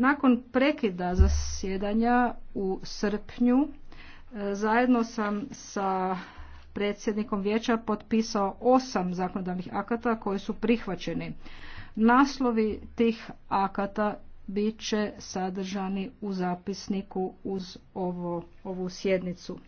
Nakon prekida zasjedanja u srpnju e, zajedno sam sa predsjednikom vijeća potpisao osam zakonodavnih akata koji su prihvaćeni. Naslovi tih akata bit će sadržani u zapisniku uz ovo, ovu sjednicu.